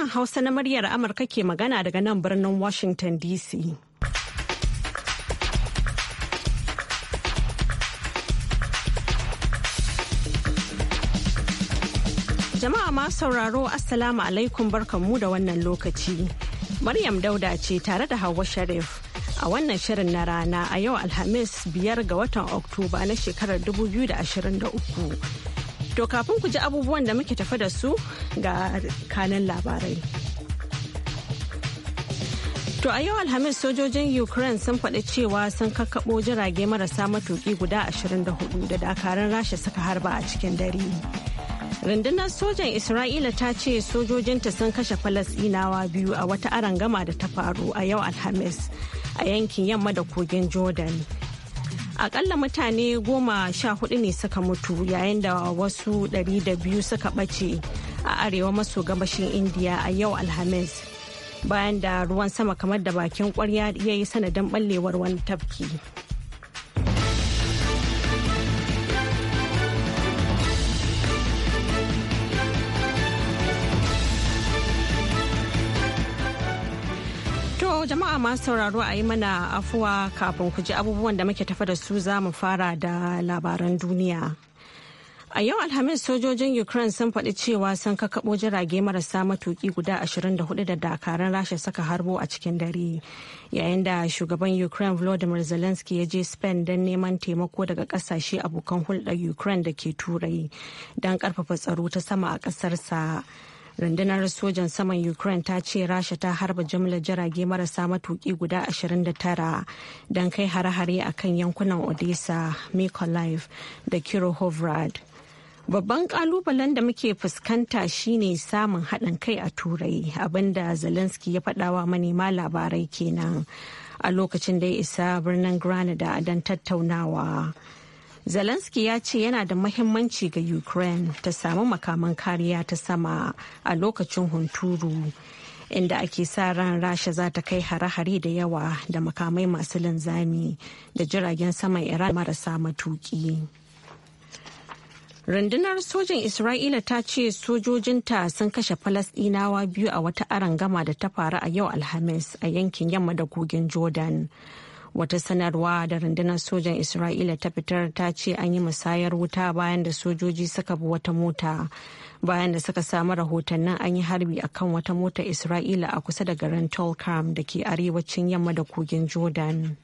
Sashen Hausa na muryar Amurka ke magana daga nan birnin Washington DC. Jama'a ma sauraro Assalamu alaikum barkanmu da wannan lokaci. Maryam Dauda ce tare da Hauwa Sharif. A wannan shirin na rana a yau Alhamis biyar ga watan Oktoba na shekarar 2023. To kafin ku ji abubuwan da muke tafi da su ga kanan labarai. To a yau Alhamis sojojin Ukraine sun faɗi cewa sun kakkaɓo jirage marasa matuƙi guda 24 da dakarun rasha suka harba a cikin dare. Rundunar sojan Isra'ila ta ce sojojinta sun kashe Falasɗinawa biyu a wata arangama da ta faru a yau Alhamis a yankin yamma da kogin Jordan. akalla mutane goma sha hudu ne suka mutu yayin da wasu dari da biyu suka bace a arewa maso gabashin indiya a yau alhamis bayan da ruwan sama kamar da bakin kwarya ya yi sanadin ballewar wani tafki. jama'a masu sauraro a yi mana afuwa kafin ku ji abubuwan da muke tafa da su za mu fara da labaran duniya. A yau Alhamis sojojin Ukraine sun faɗi cewa sun kakaɓo jirage marasa matuƙi guda 24 da dakarun rasha saka harbo a cikin dare. Yayin da shugaban Ukraine Volodymyr Zelensky ya je Spain don neman taimako daga ƙasashe abokan hulɗar Ukraine da ke turai don ƙarfafa tsaro ta sama a ƙasarsa. rundunar sojan saman ukraine ta ce rasha ta harba jimlar jirage marasa matuki guda 29 don kai hare-hare a kan yankunan odessa mykolaiv da kirohovrad babban kalubalen da muke fuskanta shine samun haɗin kai a turai abinda zelensky ya faɗawa manema labarai kenan a lokacin da ya isa birnin granada don tattaunawa. Zelensky ya ce yana da mahimmanci ga Ukraine ta samu makaman kariya ta sama a lokacin hunturu. inda ake sa ran rasha za ta kai hare-hare da yawa da makamai masu linzami da jiragen saman iran marasa matuki rundunar sojin isra'ila ta ce sojojinta sun kashe falasdinawa biyu a wata arangama da ta faru a yau alhamis a yankin yamma da kogin jordan wata sanarwa da rundunar sojan isra'ila ta fitar ta ce an yi musayar wuta bayan da sojoji suka bi wata mota bayan da suka samu rahotannin an yi harbi akan wata mota isra'ila a kusa da garin tolkam da ke arewacin yamma da kogin jordan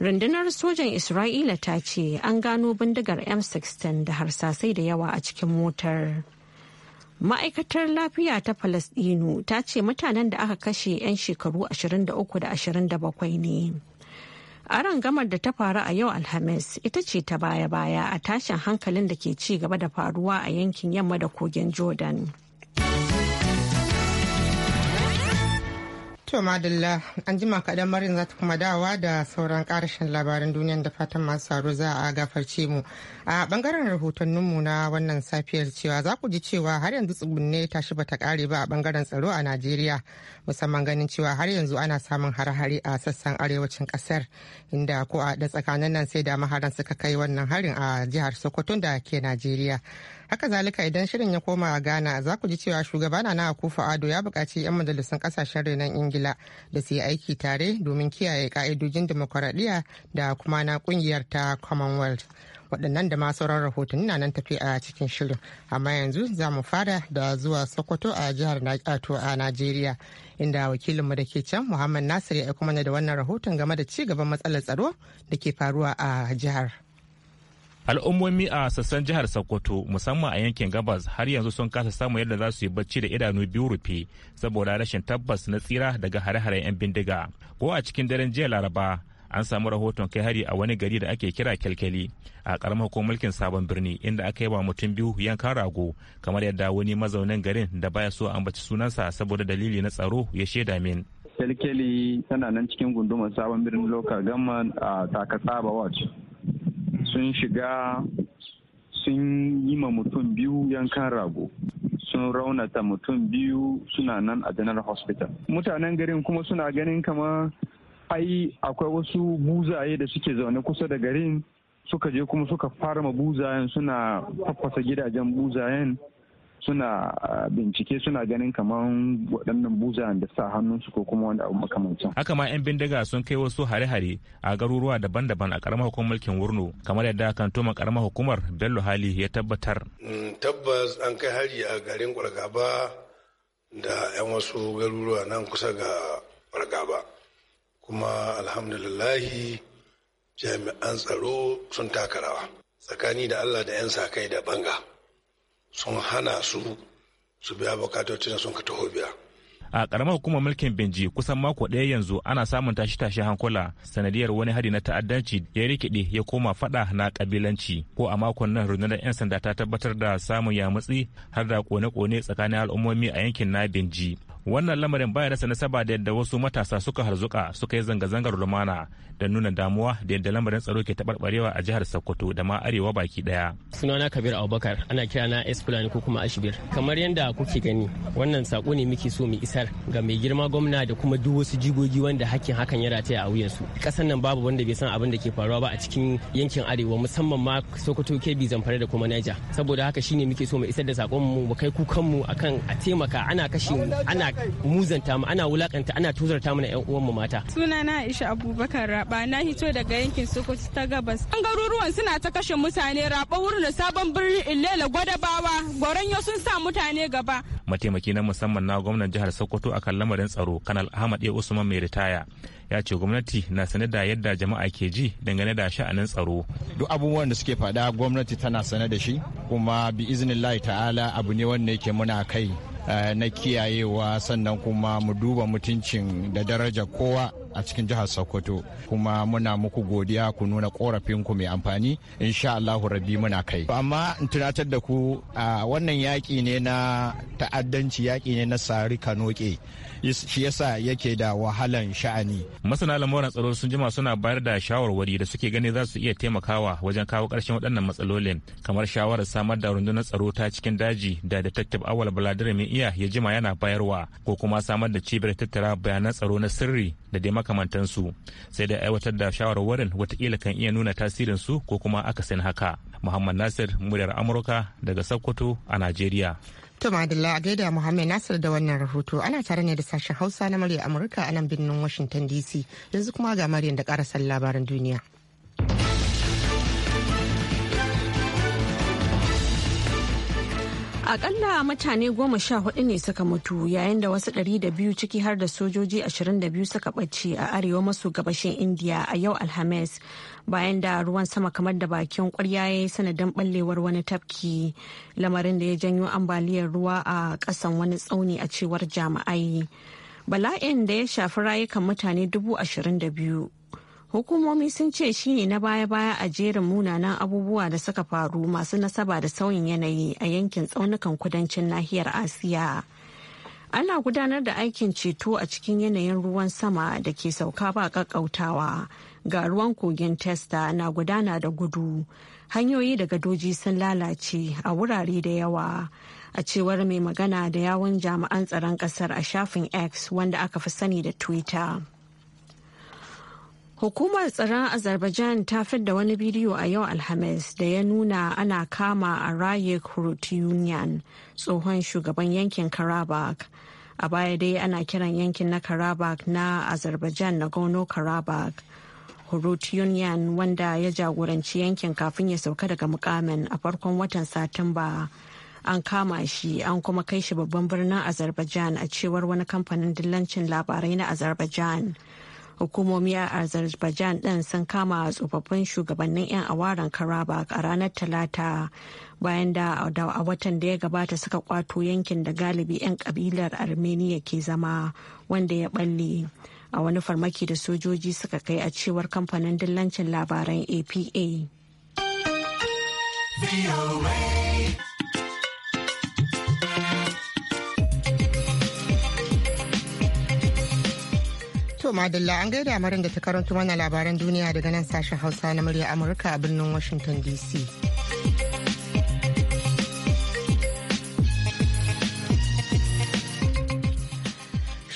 rundunar sojan isra'ila ta ce an gano bindigar m16 da harsasai da yawa a cikin motar ma'aikatar lafiya ta palestino ta ce mutanen da aka kashe 'yan shekaru 23 da 27 ne aron gamar da ta faru a yau alhamis ita ce ta baya-baya a tashin hankalin da ke ci gaba da faruwa a yankin yamma da kogin jordan To madalla an jima kaɗan marin za ta kuma dawa da sauran ƙarashin labaran duniya da fatan masu saro za a gafarce mu. A ɓangaren rahotanninmu na wannan safiyar cewa za ku ji cewa har yanzu tsugunne tashi bata ƙare ba a bangaren tsaro a Najeriya musamman ganin cewa har yanzu ana samun hare a sassan arewacin ƙasar inda ko a da tsakanin nan sai da maharan suka kai wannan harin a jihar Sokoto da ke Najeriya. haka zalika idan shirin ya koma a ghana za ku ji cewa shugaba na akufa ado ya bukaci 'yan majalisun ƙasashen renon ingila da su yi aiki tare domin kiyaye ka'idojin demokuraɗiyya da kuma na ƙungiyar ta commonwealth waɗannan da ma sauran rahotanni na nan tafi a cikin shirin amma yanzu za mu fara da zuwa sokoto a jihar ato a najeriya inda wakilinmu da ke can muhammad nasir ya aiko mana da wannan rahoton game da ci gaban matsalar tsaro da ke faruwa a jihar. al'ummomi a sassan jihar sokoto musamman a yankin gabas har yanzu sun kasa samun yadda za su yi bacci da idanu biyu rufe saboda rashin tabbas na tsira daga hare-haren 'yan bindiga ko a cikin daren jiya laraba an samu rahoton kai hari a wani gari da ake kira kyalkyali a karamar hukumar mulkin sabon birni inda aka yi wa mutum biyu yanka rago kamar yadda wani mazaunin garin da baya so a ambaci sunansa saboda dalili na tsaro ya shaida min kyalkyali tana nan cikin gundumar sabon birnin local government a takatsaba watch sun shiga sun yi ma mutum biyu yankan rago sun raunata mutum biyu suna nan a janar hospital mutanen garin kuma suna ganin kama ai akwai wasu buzaye da suke zaune kusa da garin suka je kuma suka fara ma buzayen suna tafasa gidajen buzayen suna ah, bincike suna ganin kamar waɗannan buza da sa hannunsu ko kuma wani abu makamancin. Haka ma 'yan bindiga sun kai wasu hare-hare a garuruwa daban-daban a karamar hukumar mulkin Wurno kamar yadda kan toma karamar hukumar Bello Hali ya tabbatar. Mm, tabbas an kai hari a garin Kwargaba da 'yan wasu garuruwa nan kusa ga Kwargaba. Kuma alhamdulillahi jami'an tsaro sun taka rawa tsakani da Allah da 'yan sa kai da banga. sun hana su su biya bukatocin sun ka taho biya a ƙaramar hukumar mulkin benji kusan mako ɗaya yanzu ana samun tashi-tashi hankula sanadiyar wani hari na ta'addanci ya rikide ya koma fada na kabilanci ko a makon nan rundunar 'yan sanda ta tabbatar da samun yamutsi har da kone-kone tsakanin al'ummomi a yankin na benji wannan lamarin baya rasa nasaba da yadda wasu matasa suka harzuka suka yi zanga-zangar lumana da nuna damuwa da yadda lamarin tsaro ke taɓarɓarewa a jihar sokoto da ma arewa baki daya sunana kabir abubakar ana kira na esplani ko kuma ashibir kamar yadda kuke gani wannan sako ne muke so mu isar ga mai girma gwamna da kuma duk wasu jigogi wanda hakkin hakan ya rataya a wuyansu ƙasar nan babu wanda bai san abin da ke faruwa ba a cikin yankin arewa musamman ma sokoto kebbi zamfara da kuma niger saboda haka shine muke so mu isar da sakon mu mu kai kukan mu akan a taimaka ana kashe ana ana muzanta mu ana wulakanta ana tuzarta mana yan uwan mu mata sunana Aisha Abubakar Raba na hito daga yankin Sokoto ta Gabas an garuruwan suna ta kashe mutane Raba wurin da sabon birnin Ilela Gwadabawa Goranyo sun sa mutane gaba mataimaki na musamman na gwamnan jihar Sokoto akan lamarin tsaro Kanal Ahmad a Usman mai ritaya ya ce gwamnati na sane da yadda jama'a ke ji dangane da sha'anin tsaro. Duk abubuwan da suke fada gwamnati tana sane da shi kuma bi iznillahi ta'ala abu ne wanda yake muna kai Eh, na kiyayewa sannan kuma mu duba mutuncin da daraja kowa a cikin jihar Sokoto kuma muna muku godiya ku nuna korafin ku mai amfani insha Allahu rabbi muna kai amma in tunatar da ku wannan yaƙi ne na ta'addanci yaƙi ne na sari kanoke shi yasa yake da wahalan sha'ani masana lamuran tsaro sun jima suna bayar da shawarwari da suke gani za su iya taimakawa wajen kawo ƙarshen waɗannan matsalolin kamar shawarar samar da rundunar tsaro ta cikin daji da detective awal baladir mai iya ya jima yana bayarwa ko kuma samar da cibiyar tattara bayanan tsaro na sirri da dai makamantansu sai da aiwatar da shawarwarin watakila kan iya nuna tasirin su ko kuma akasin haka muhammad nasir muryar amurka daga sokoto a najeriya To Madalla a gaida Muhammad Nasir da wannan rahoto ana tare ne da sashen Hausa na murya Amurka a nan birnin Washington DC yanzu kuma ga Maryam da karasar labaran duniya. Akalla mutane goma sha hudu ne suka mutu yayin da wasu ɗari da biyu ciki har da sojoji ashirin da biyu suka ɓace a arewa maso gabashin Indiya a yau Alhamis bayan da ruwan sama kamar da bakin ƙwarya ya yi sanadin ɓallewar wani tafki lamarin da ya janyo ambaliyar ruwa a ƙasan wani tsauni a cewar jami'ai. Bala'in da ya shafi rayukan mutane dubu ashirin da biyu hukumomi sun ce shi ne na baya-baya a jerin munanan abubuwa da suka faru masu nasaba da sauyin yanayi a yankin tsaunukan kudancin nahiyar asiya ana gudanar da aikin ceto a cikin yanayin ruwan sama da ke sauka ba kakkautawa ga ruwan kogin testa na gudana da gudu hanyoyi da gadoji sun lalace a wurare da yawa a cewar mai magana da yawon jami'an tsaron kasar a shafin x wanda aka fi sani da twitter Hukumar tsaron Azerbaijan ta fidda wani bidiyo a yau Alhamis da ya nuna ana kama a Raye Union tsohon shugaban yankin Karabakh. A baya dai ana kiran yankin na Karabakh na Azerbaijan na Gono Karabakh. Hurut Union wanda ya jagoranci yankin kafin ya sauka daga mukamin a farkon watan Satumba. An kama shi an kuma kai shi babban birnin Azerbaijan a cewar wani kamfanin dillancin labarai na Azerbaijan. hukumomi a azerbaijan ɗin sun kama tsofaffin shugabannin 'yan awaran karabak a ranar talata bayan da a watan da ya gabata suka kwato yankin da galibi 'yan kabilar armenia ke zama wanda ya balle a wani farmaki da sojoji suka kai a cewar kamfanin dillancin labaran apa To Madalla an gaida marin da ta karanto mana labaran duniya daga nan sashen Hausa na murya Amurka a birnin Washington DC.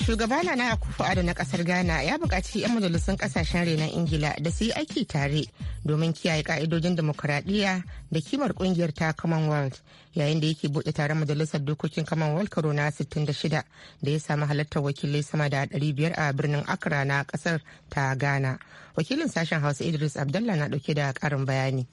Shugaba Nana Akufo ado na kasar Ghana ya bukaci 'yan majalisun kasashen renon Ingila da su yi aiki tare domin kiyaye ka'idojin demokuraɗiyya da kimar kungiyar ta Commonwealth yayin da yake buɗe taron majalisar dokokin Commonwealth karo na 66 da ya samu halartar wakilai sama da 500 a birnin Accra na kasar ta Ghana. Wakilin sashen Hausa Idris Abdallah na ɗauke da ƙarin bayani.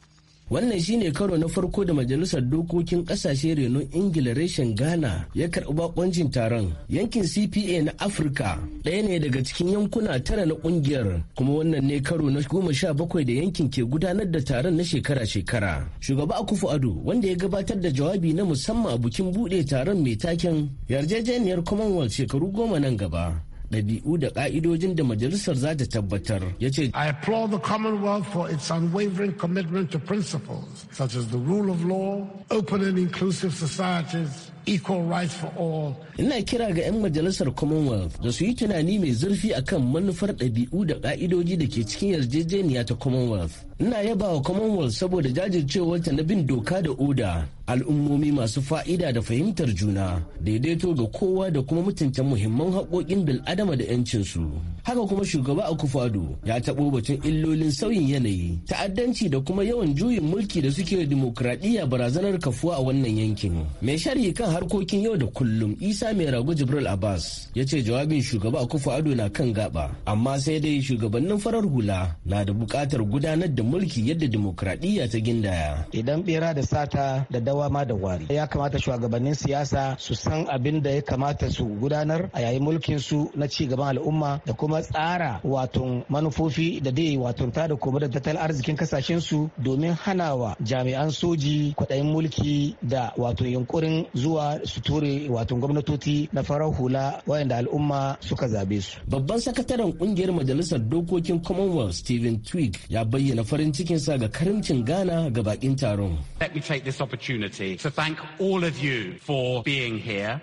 wannan shine karo na farko da majalisar dokokin kasashe renon ingila reshen ghana ya karɓi bakoncin taron yankin cpa na afirka ɗaya ne daga cikin yankuna tara na ƙungiyar kuma wannan ne karo na goma sha bakwai da yankin ke gudanar da taron na shekara-shekara shugaba akufu ado wanda ya gabatar da jawabi na musamman a bukin buɗe taron mai taken yarjejeniyar commonwealth shekaru goma nan gaba ɗabi'u da ƙa'idojin da majalisar za ta tabbatar ya ce I applaud the Commonwealth for its unwavering commitment to principles such as the rule of law, open and inclusive societies, equal rights for all. Ina kira ga 'yan majalisar Commonwealth da su yi tunani mai zurfi akan manufar ɗabi'u da ƙa'idoji da ke cikin yarjejeniya ta Commonwealth. ina yaba wa commonwealth saboda ta na bin doka da oda al'ummomi masu fa'ida da fahimtar juna daidaito ga kowa da kuma mutunta muhimman haƙoƙin bil'adama da 'yancinsu haka kuma shugaba akufado ya taɓo batun illolin sauyin yanayi ta'addanci da kuma yawan juyin mulki da suke da dimokuraɗiyya barazanar kafuwa a wannan yankin mai sharhi kan harkokin yau da kullum isa mai rago jibril abbas ya ce jawabin shugaba akufado na kan gaɓa amma sai dai shugabannin farar hula na da buƙatar gudanar da mulki yadda demokradiyya ta gindaya. Idan bera da sata da dawa ma da wari. Ya kamata shugabannin siyasa su san abin da ya kamata su gudanar a yayin mulkin su na ci gaban al'umma da kuma tsara wato manufofi da dai wato ta da kuma da tattalin arzikin kasashen su domin hanawa jami'an soji kwaɗayin mulki da wato yunkurin zuwa su ture wato gwamnatoci na farar hula wayanda al'umma suka zabe su. Babban sakataren kungiyar majalisar dokokin Commonwealth Stephen Twig ya bayyana farin farin cikinsa ga karimcin Ghana ga bakin taron. Let me take this opportunity to thank all of you for being here.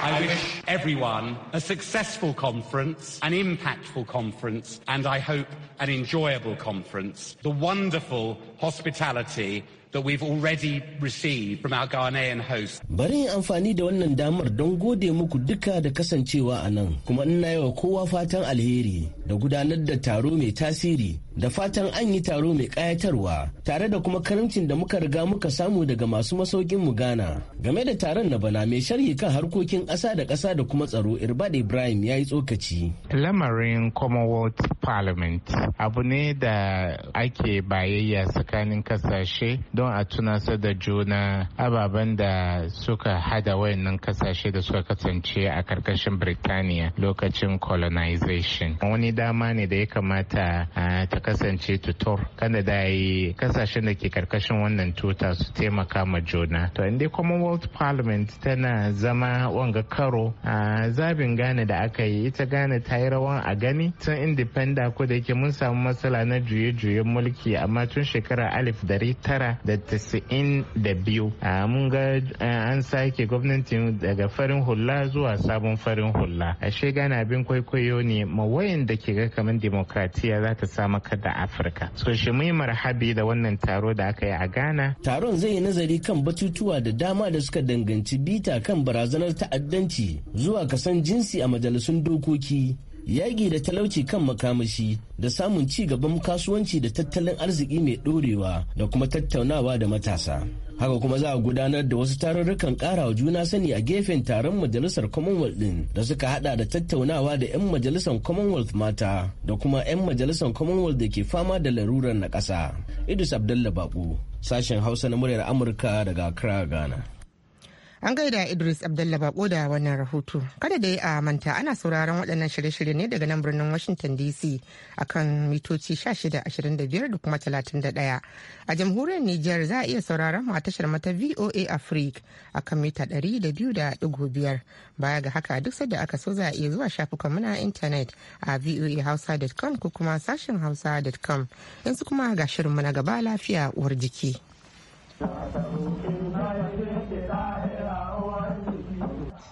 I wish everyone a successful conference, an impactful conference, and I hope an enjoyable conference. The wonderful hospitality that we've already received from our Ghanaian host. Bari yin amfani da wannan damar don gode muku duka da kasancewa a nan kuma ina yi wa kowa fatan alheri da gudanar da taro mai tasiri da fatan an yi taro mai kayatarwa tare da kuma karamcin da muka riga muka samu daga masu masaukin mu Ghana. Game da taron na bana mai sharhi kan harkokin ƙasa da ƙasa da kuma tsaro Irbad Ibrahim ya yi tsokaci. Lamarin Commonwealth Parliament abu ne da ake bayayya tsakanin kasashe don a tunasar da juna ababen da suka hada wayannan kasashe da suka kasance a karkashin Birtaniya lokacin colonization. Wani dama ne da ya kamata ta kasance tutor kada da yi kasashen da ke karkashin wannan tuta su taimaka ma juna. To inda Commonwealth Parliament tana zama wanga karo a zabin Ghana da aka yi ita Ghana ta yi rawan a gani tun independent ko da yake mun samu matsala na juye-juyen mulki amma tun shekara alif dari tara da tasa'in da biyu mun ga an sake gwamnatin daga farin hula zuwa sabon farin hula ashe gana bin kwaikwayo ne ma da ke ga kamar demokratiya za ta samu kada afirka so shi yi marhabi da wannan taro da aka yi a ghana taron zai yi nazari kan batutuwa da dama da suka danganci bita kan barazanar ta'addanci zuwa kasan jinsi a majalisun dokoki yaƙi da talauci kan makamashi da samun ci gaban kasuwanci da tattalin arziki mai ɗorewa da kuma tattaunawa da matasa. haka kuma za a gudanar da wasu tarurrukan kara wa juna sani a gefen taron majalisar commonwealth din da suka hada da tattaunawa da 'yan majalisar commonwealth mata da kuma 'yan majalisar commonwealth da ke fama da larurar na ƙasa idris abdullah Baƙo sashen hausa na muryar amurka daga accra ghana An gaida Idris Abdullah Bako da wannan rahoto. Kada da a manta ana sauraron waɗannan shirye-shirye ne daga nan birnin Washington DC a kan mitoci 1625 da kuma 31. A jamhuriyar Nijar za a iya sauraron mu a tashar mata VOA Africa kan mita 200.5. Baya ga haka duk sadda aka so za a iya zuwa shafukan muna intanet a voahausa.com ko kuma sashen hausa.com. Yanzu kuma ga shirin mu na gaba lafiya uwar jiki.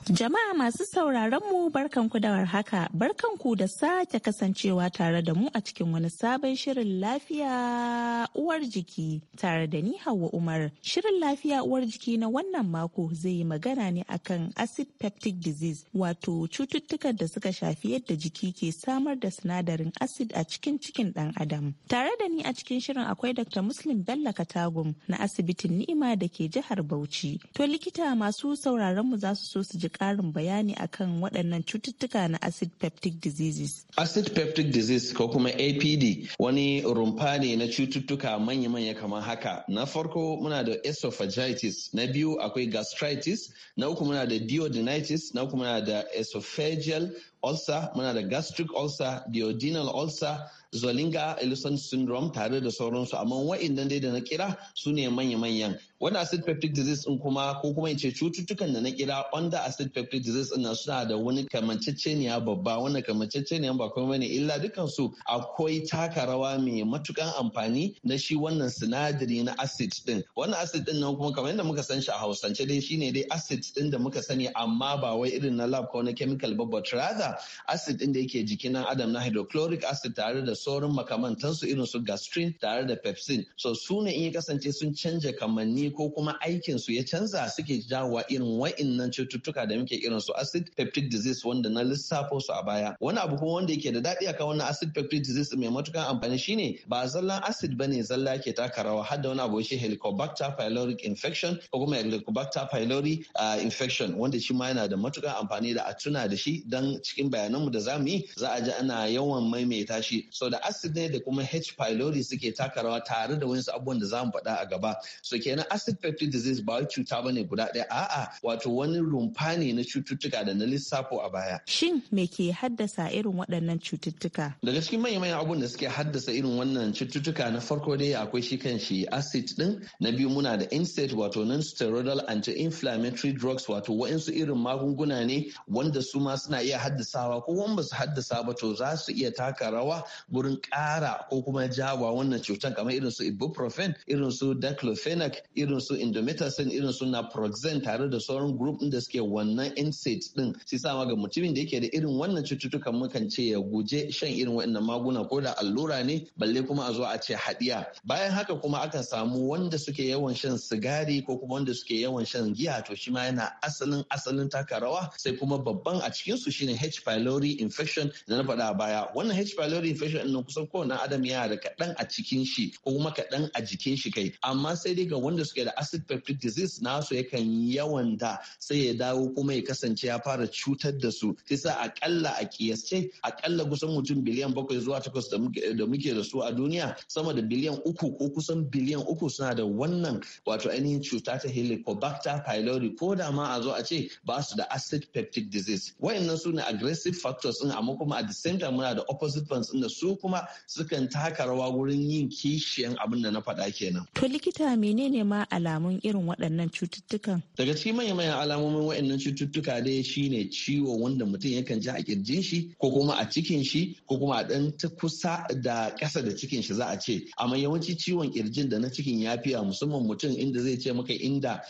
Jama'a masu sauraron mu barkanku da warhaka, barkanku da sake kasancewa tare da mu a cikin wani sabon shirin lafiya uwar jiki tare da ni Hauwa Umar. Shirin lafiya uwar jiki na wannan mako zai yi magana ne akan acid peptic disease wato cututtukan da suka shafi yadda jiki ke samar da sinadarin acid a cikin cikin ɗan adam. Tare da ni a cikin shirin akwai Dr. Muslim Bello Katagum na asibitin Ni'ima da ke jihar Bauchi. To likita masu sauraron mu za su so su ji ƙarin bayani akan waɗannan cututtuka na acid peptic diseases. Acid peptic disease ko kuma APD wani rumfa ne na cututtuka manya-manya kamar haka. Na farko muna da esophagitis, na biyu akwai gastritis, na uku muna da duodenitis, na uku muna da esophageal ulcer, muna da gastric ulcer, duodenal ulcer, zolinga ellison syndrome tare da sauransu amma wa'in dai da na kira su ne manya-manyan wanda acid peptic disease in kuma ko kuma ce cututtukan da na kira under acid peptic disease ina suna da wani kamanceceniya babba wanda kamanceceniya ba kuma ne illa dukansu akwai taka rawa mai matukan amfani na shi wannan sinadari na acid din wannan acid din nan kuma kamar yadda muka san shi a hausance dai shine dai acid din da muka sani amma ba wai irin na lab ko na chemical ba but rather acid din da yake jikin adam na hydrochloric acid tare da sauran makamantansu irin su gastrin tare da pepsin so su in ya kasance sun canja kamanni ko kuma aikin su ya canza suke jawa irin wa'innan cututtuka da muke irin su acid peptic disease wanda na lissafo su a baya wani abu kuma wanda yake da daɗi akan wannan acid peptic disease mai matukan amfani shine ba zallan acid bane zalla ke taka rawa har da wani abu shi helicobacter pylori infection ko kuma helicobacter pylori infection wanda shi ma yana da matukan amfani da a tuna da shi dan cikin bayananmu da zamu yi za a ji ana yawan maimaita shi so da acid ne da kuma H. pylori suke taka rawa tare da wani abubuwan da za mu faɗa a gaba so kenan acid peptic disease ba cuta bane guda ɗaya a'a wato wani rumfa ne na cututtuka da na lissafo a baya shin me ke haddasa irin waɗannan cututtuka daga cikin manyan manyan abubuwan da suke haddasa irin wannan cututtuka na farko dai akwai shi kan shi acid din na biyu muna da insect, wato non steroidal anti-inflammatory drugs wato wa'insu irin magunguna ne wanda su ma suna iya haddasawa ko wanda ba su haddasa ba to za su iya taka rawa gurin ƙara ko kuma jawa wannan cutar kamar irin su ibuprofen irin su diclofenac irin su indomethacin irin su naproxen tare da sauran group din da suke wannan NSAIDs din sai sa ga mutumin da yake da irin wannan cututtukan mukan ce ya guje shan irin waɗannan maguna ko da allura ne balle kuma a zo a ce haɗiya bayan haka kuma aka samu wanda suke yawan shan sigari ko kuma wanda suke yawan shan giya to shi ma yana asalin asalin taka rawa sai kuma babban a cikin su shine H pylori infection da na faɗa baya wannan H pylori infection ɗin nan kusan kowane adam yana da kaɗan a cikin shi ko kuma kaɗan a jikin shi kai amma sai dai ga wanda suke da acid peptic disease nasu yakan yawan da sai ya dawo kuma ya kasance ya fara cutar da su sai sa akalla a kiyasce akalla kusan mutum biliyan bakwai zuwa takwas da muke da su a duniya sama da biliyan uku ko kusan biliyan uku suna da wannan wato ainihin cuta ta helicobacter pylori ko da ma a zo a ce ba su da acid peptic disease wayannan su ne aggressive factors din amma kuma at the same time muna da opposite ones din da su kuma sukan taka rawa wurin yin kishiyan abin da na faɗa kenan. To likita menene ma alamun irin waɗannan cututtukan? Daga cikin manyan alamomin waɗannan cututtuka dai shine ciwo wanda mutum yakan ji a kirjin shi ko kuma a cikin shi ko kuma a ɗan ta kusa da ƙasa da cikin shi za a ce. Amma yawanci ciwon kirjin da na cikin ya fiya musamman mutum inda zai ce maka inda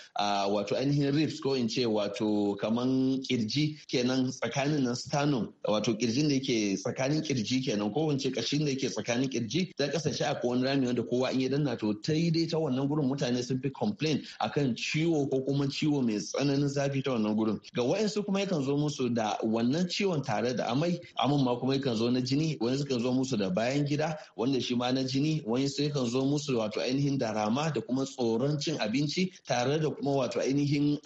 wato ainihin ribs ko in ce wato kaman kirji kenan tsakanin nan wato kirjin da yake tsakanin kirji kenan ko in kashin da yake tsakanin kirji ta kasance a wani rami wanda kowa in ya danna to ta yi dai ta wannan gurin mutane sun fi complain akan ciwo ko kuma ciwo mai tsananin zafi ta wannan gurin ga wa'ansu kuma yakan zo musu da wannan ciwon tare da amai amin ma kuma yakan zo na jini wani kan zo musu da bayan gida wanda shi ma na jini wani su kan zo musu wato ainihin darama da kuma tsoron cin abinci tare da kuma wato ainihin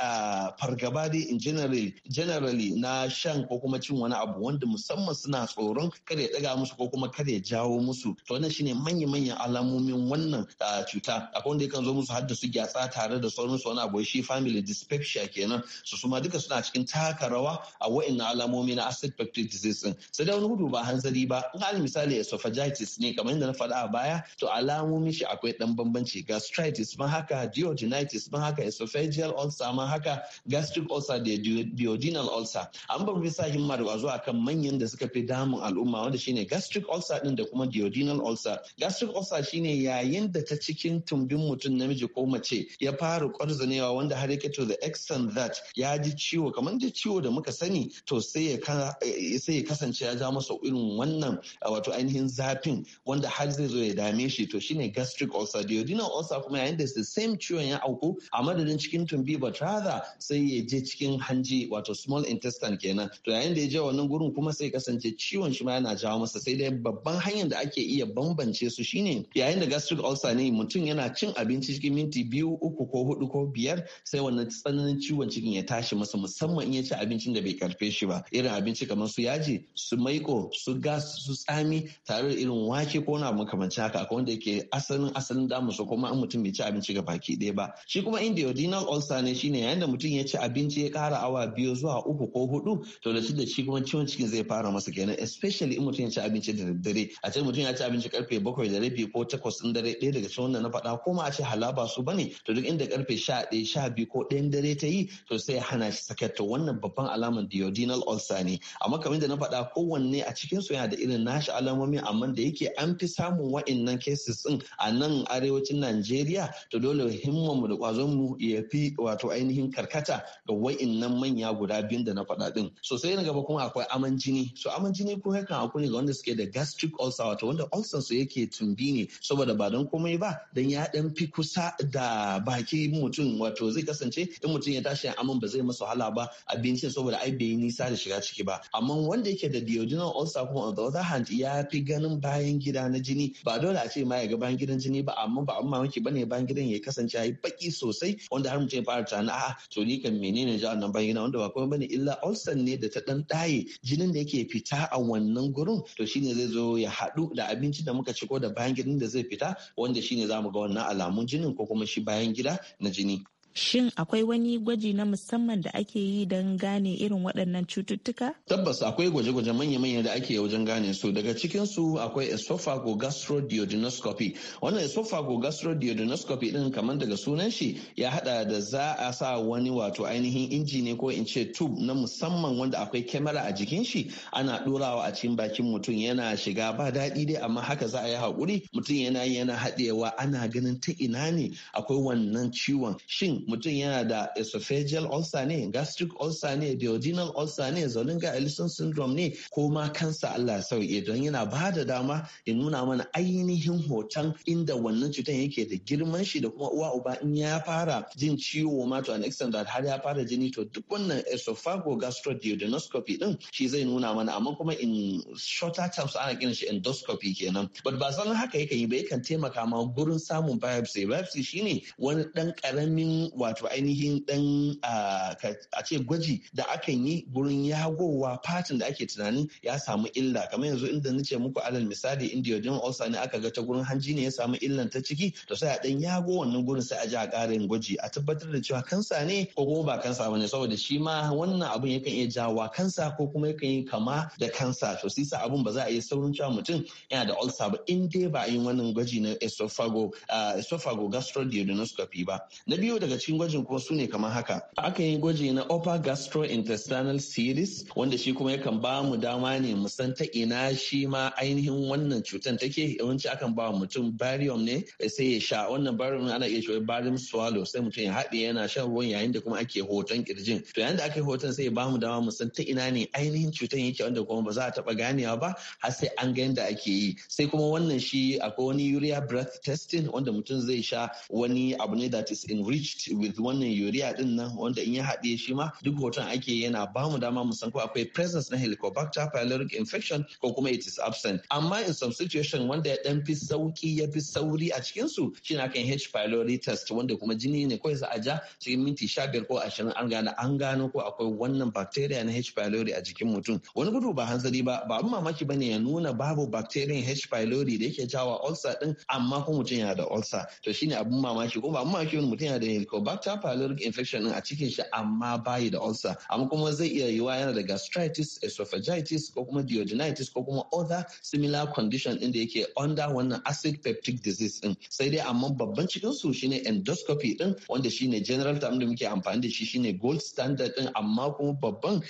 fargaba dai in generally na shan ko kuma cin wani abu wanda musamman suna tsoron kada ya daga musu ko kuma kar ya jawo musu to wannan shine manya manyan alamomin wannan cuta akwai wanda yakan zo musu har da su gyatsa tare da sauran su wani abu shi family dyspepsia kenan su suma duka suna cikin taka rawa a wa'annan alamomi na acid peptic disease din sai dai wani gudu ba hanzari ba in al misali esophagitis ne kamar yadda na faɗa a baya to alamomi shi akwai dan bambanci gastritis ma haka duodenitis ma haka esophageal ulcer ma haka gastric ulcer da duodenal ulcer an ba mu sa himma da zuwa kan manyan da suka fi damun al'umma wanda shine gastric ulcer ulcer din da kuma duodenal ulcer gastric ulcer shine yayin da ta cikin tumbin mutum namiji ko mace ya fara kwarzanewa wanda har yake to the extent that ya ji ciwo kamar da ciwo da muka sani to sai ya kasance ya ja masa irin wannan wato ainihin zafin wanda har zai zo ya dame shi to shine gastric ulcer duodenal ulcer kuma yayin da the same ciwon ya auku a madadin cikin tumbi but rather sai ya je cikin hanji wato small intestine kenan to yayin da ya je wannan gurin kuma sai kasance ciwon shi ma yana jawo masa sai dai babban hanyar da ake iya bambance su shine yayin da gastric ulcer ne mutum yana cin abinci cikin minti biyu uku ko hudu ko biyar sai wannan tsananin ciwon cikin ya tashi masa musamman in ya ci abincin da bai karfe shi ba irin abinci kamar su yaji su maiko su gas su tsami tare da irin wake ko na makamancin haka akwai wanda yake asalin asalin damu su kuma an mutum bai ci abinci ga baki ɗaya ba shi kuma indiodinal ulcer ne shine yayin da mutum ya ci abinci ya kara awa biyu zuwa uku ko hudu to da shi da shi kuma ciwon cikin zai fara masa kenan especially in mutum ya ci abinci da dare a ce mutum ya ci abinci karfe bakwai da rabi ko takwas ɗin dare ɗaya daga cikin wanda na faɗa ko ma a ce halaba su bane to duk inda karfe sha ɗaya sha biyu ko ɗayan dare ta yi to sai hana shi sakar to wannan babban alamar diodinal ulcer ne amma kamar da na faɗa kowanne a cikin su yana da irin nashi alamomi amma da yake an fi samun wa'innan cases ɗin a nan arewacin Najeriya to dole himman mu da kwazon mu ya fi wato ainihin karkata ga wa'innan manya guda biyun da na faɗa ɗin so sai na gaba kuma akwai aman jini so aman jini kuma yakan akwai ga wanda suke da gas gastric ulcer wato wanda ulcer su yake tumbi ne saboda ba don komai ba don ya dan fi kusa da baki mutum wato zai kasance in mutum ya tashi aman ba zai masa wahala ba abincin saboda ai bai nisa da shiga ciki ba amma wanda yake da duodenal ulcer kuma on the other hand ya fi ganin bayan gida na jini ba dole a ce ma ya ga bayan gidan jini ba amma ba amma mamaki bane bayan gidan ya kasance ya yi baki sosai wanda har mutum ya fara tana a to ni kan menene ja wannan bayan gida wanda ba komai bane illa ulcer ne da ta dan daye jinin da yake fita a wannan gurin to shine zai zo zo ya haɗu da abincin da muka ci ko da bayan gidan da zai fita wanda shine mu ga wannan alamun jinin ko kuma shi bayan gida na jini Shin akwai wani gwaji na musamman da ake yi don gane irin waɗannan cututtuka? Tabbas akwai gwaje-gwaje manya-manya da ake wajen gane su. Daga cikin su akwai esophago gastroduodenoscopy. Wannan esophago gastroduodenoscopy din kamar daga sunan shi ya hada da za a sa wani wato ainihin inji ne ko in ce tube na musamman wanda akwai kyamara a jikin shi ana ɗorawa a cikin bakin mutum yana shiga ba daɗi dai amma haka za a yi haƙuri mutum yana yana haɗewa ana ganin ta ina ne akwai wannan ciwon shin mutum yana da esophageal ulcer ne gastric ulcer ne duodenal ulcer ne zolinga ellison syndrome ne ko ma kansa Allah sauki don yana ba da dama ya nuna mana ainihin hoton inda wannan cutan yake da girman shi da kuma uwa uba in ya fara jin ciwo ma to an extent that har ya fara jini to duk wannan esophago duodenoscopy din shi zai nuna mana amma kuma in shorter terms ana kiran shi endoscopy kenan but ba san haka yake yi ba yakan taimaka ma gurin samun biopsy biopsy shine wani dan karamin wato ainihin dan a ce gwaji da akan yi gurin yagowa fatin da ake tunanin ya samu illa kamar yanzu inda na ce muku alal misali indiyogen ulcer ne aka ga ta gurin hanji ne ya samu illan ta ciki to sai a dan yago wannan gurin sai a ji a karin gwaji a tabbatar da cewa kansa ne ko kuma ba kansa bane saboda shi ma wannan abun yakan iya jawa kansa ko kuma yakan yi kama da kansa to sai sa abun ba za a yi saurin cewa mutum yana da ulcer ba in dai ba a yi wannan gwaji na esophago esophago gastroduodenoscopy ba na biyu daga cikin gwajin kuma su ne kamar haka aka yi gwaji na upper gastrointestinal series wanda shi kuma yakan ba mu dama ne mu san ta ina shi ma ainihin wannan cutan take yawanci akan ba mutum barium ne eh, sai ya sha wannan barium ana iya shi barium swallow sai mutum ya haɗe yana shan ruwan yayin da kuma ake hoton kirjin to yayin da aka yi hoton sai ya ba mu dama mu san ta ina ne ainihin cutan yake wanda kuma ba za a taɓa ganewa ba har sai an ga yadda ake yi sai kuma wannan shi akwai wani urea breath testing wanda mutum zai sha wani abu ne that is enriched with wannan urea din nan wanda in ya haɗe shi ma duk hoton ake yana ba mu dama mu san ko akwai presence na helicobacter pylori infection ko kuma it is absent amma in some situation wanda ya dan fi sauki ya fi sauri a cikin su shine kan H pylori test wanda kuma jini ne kawai za a ja cikin minti 15 ko 20 an an gano ko akwai wannan bacteria na H pylori a jikin mutum wani gudu ba hanzari ba ba abin mamaki bane ya nuna babu bacterium H pylori da yake jawa ulcer din amma ko mutum yana da ulcer to shine abin mamaki ko ba mamaki wani mutum yana da helicobacter bacter pyloric infection din a cikin shi amma bayi da ulcer amma kuma zai iya yiwa yana da gastritis esophagitis ko kuma duodenitis ko kuma other similar condition din da yake under wannan acid peptic disease din sai dai amma babban cikin su shine endoscopy din wanda shine general term da muke amfani da shi shine gold standard din amma kuma babban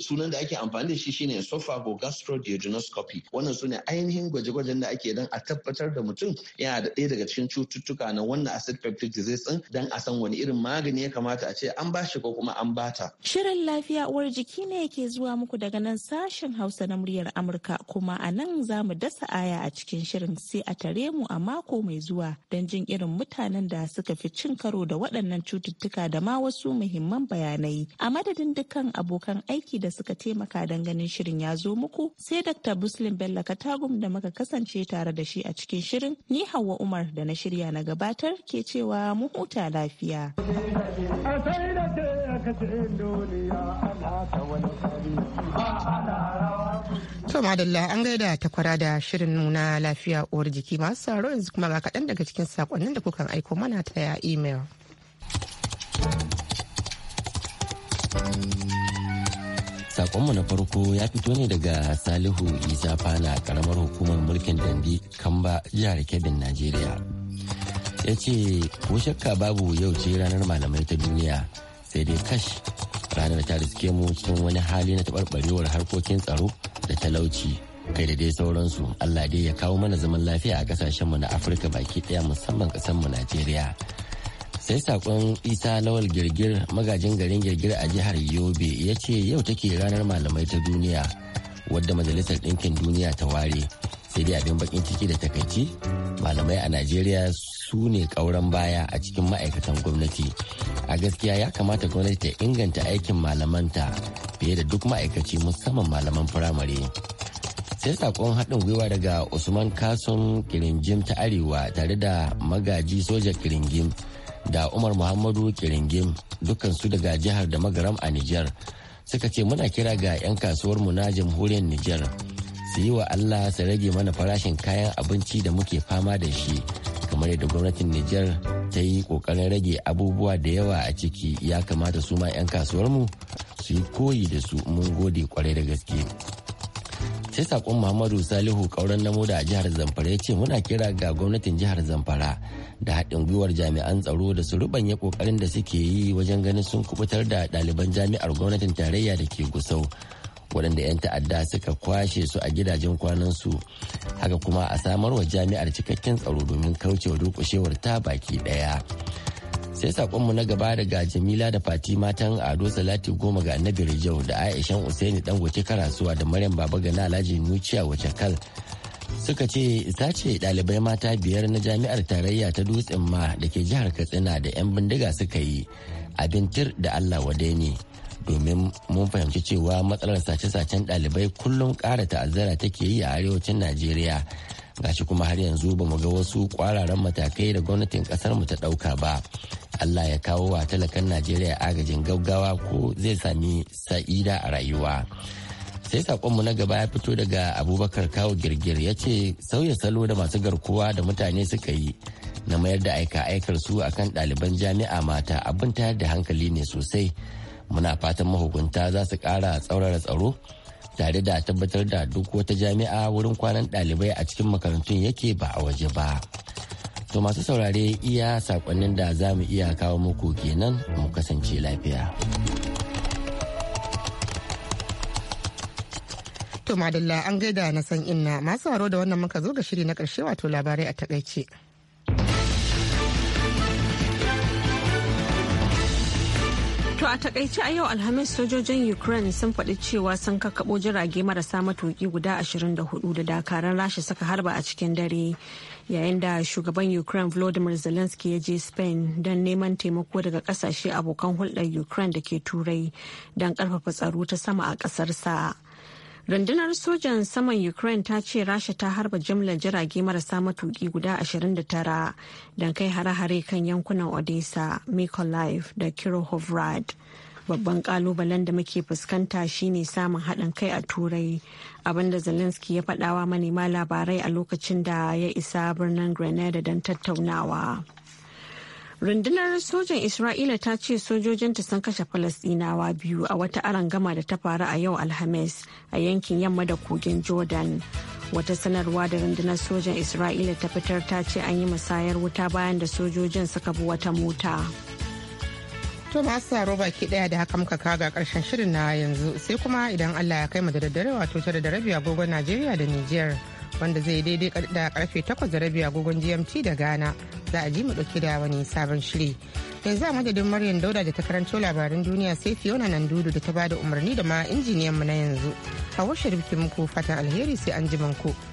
sunan da ake amfani da shi shine esophagogastroduodenoscopy wannan sune ainihin gwaje-gwajen da ake dan a tabbatar da mutum yana da ɗaya daga cikin cututtuka na wannan acid peptic disease din dan a san wani irin magani ya kamata a ce an ba shi ko kuma an bata. Shirin lafiya uwar jiki ne yake zuwa muku daga nan sashen Hausa na muryar Amurka kuma a nan za mu dasa aya a cikin shirin sai a tare mu a mako mai zuwa don jin irin mutanen da suka fi cin karo da waɗannan cututtuka da ma wasu muhimman bayanai. A madadin dukkan abokan aiki da suka taimaka don ganin shirin ya zo muku sai Dr. Muslim Bello Katagum da muka kasance tare da shi a cikin shirin ni Hauwa Umar da na shirya na gabatar ke cewa mu huta lafiya. To madalla an gaida takwara da shirin nuna lafiya uwar jiki masu tsaro yanzu kuma ga kaɗan daga cikin sakonnin da kukan aiko mana ta ya email. Sakonmu na farko ya fito ne daga Salihu Isa Fana karamar hukumar mulkin Dandi Kamba jihar Kebbi Najeriya. ya ce ko shakka babu yau ce ranar malamai ta duniya sai dai kash ranar ta riske mu cikin wani hali na taɓarɓarewar harkokin tsaro da talauci kai da dai sauransu allah dai ya kawo mana zaman lafiya a ƙasashenmu na afirka baki ɗaya musamman ƙasarmu najeriya sai saƙon isa lawal girgir magajin garin girgir a jihar yobe ya ce yau take ranar malamai ta duniya wadda majalisar ɗinkin duniya ta ware sai dai abin bakin ciki da takaici malamai a najeriya su ne kauran baya a cikin ma'aikatan gwamnati a gaskiya ya kamata gwamnati ta inganta aikin malamanta fiye da duk ma'aikaci musamman malaman firamare sai sakon haɗin gwiwa daga usman kasun kiringim ta arewa tare da magaji soja kiringim da umar muhammadu kiringim dukansu daga jihar da magaram a niger suka ce muna kira ga 'yan kasuwarmu na jamhuriyar niger su yi wa Allah su rage mana farashin kayan abinci da muke fama da shi kamar yadda gwamnatin Nijar ta yi kokarin rage abubuwa da yawa a ciki ya kamata su ma 'yan kasuwarmu su yi koyi da su mun gode kwarai da gaske. sai sakon muhammadu salihu kauran moda a jihar zamfara ya ce muna kira ga gwamnatin jihar zamfara da haɗin gwiwar jami'an tsaro da su rubanya kokarin da suke yi wajen ganin sun kubutar da ɗaliban jami'ar gwamnatin tarayya da ke gusau waɗanda 'yan ta'adda suka kwashe su a gidajen su haka kuma a samar wa jami'ar cikakken tsaro domin kaucewa durƙushewar ta baki ɗaya sai saƙonmu na gaba daga jamila da fatima tan ado salati goma ga annabi rijau da aishan usaini dan dangote karasuwa da maryam babagana alhaji nuciya wace kal suka ce ta ce ɗalibai mata biyar na jami'ar tarayya ta dutsen ma da ke jihar katsina da 'yan bindiga suka yi abin tir da allah wadai ne domin mun fahimci cewa matsalar sace-sacen ɗalibai kullum ƙara ta'azzara take yi a arewacin najeriya shi kuma har yanzu ba mu ga wasu kwararan matakai da gwamnatin kasar mu ta ɗauka ba allah ya kawo wa talakan najeriya agajin gaggawa ko zai sami sa'ida a rayuwa sai sakonmu na gaba ya fito daga abubakar kawo girgir ya ce sauya salo da masu garkuwa da mutane suka yi na mayar da aika aikar su akan ɗaliban jami'a mata abin tayar da hankali ne sosai muna fatan mahukunta za su ƙara tsaurara tsaro tare da tabbatar da duk wata jami'a wurin kwanan dalibai a cikin makarantun yake ba a waje ba to masu saurare iya sakonnin da za mu iya kawo muku kenan mu kasance lafiya to madalla an gaida na san inna masu haro da wannan muka zo ga shiri na karshe wato labarai a takaice To a takaice a yau Alhamis sojojin Ukraine sun faɗi cewa sun kakkaɓo jirage marasa matuƙi guda 24 da dakaran rasha suka harba a cikin dare. Yayin da shugaban Ukraine Volodymyr Zelensky ya je Spain don neman taimako daga kasashe abokan hulɗar Ukraine da ke turai don ƙarfafa tsaro ta sama a ƙasarsa. sa. rundunar sojan saman ukraine ta ce rasha ta harba jimlar jirage marasa matuki guda 29 don kai hare-hare kan yankunan odessa mykolaiv da kirohovrad babban kalubalen da muke fuskanta shine samun haɗin kai a turai abinda zelensky ya faɗawa manema labarai a lokacin da ya isa birnin grenada don tattaunawa. rundunar sojan isra'ila ta ce sojojinta sun kashe falasdinawa biyu a wata arangama da ta faru a yau alhamis a yankin yamma da kogin jordan wata sanarwa da rundunar sojan isra'ila ta fitar ta ce an yi musayar wuta bayan da sojojin suka bi wata mota to masu saro baki daya da haka muka kaga karshen shirin na yanzu sai kuma idan allah ya kai mu da daddare wato tare da rabi agogon najeriya da niger wanda zai daidai da karfe 8 da rabi agogon GMT da Ghana. Za a ji mu dauke da wani sabon shiri. Yanzu a madadin Maryam Dauda da ta karanto labaran duniya sai Fiona Nandudu da ta bada umarni da ma injiniyan mu na yanzu. Hawa Sharif muku fatan alheri sai an ji ku.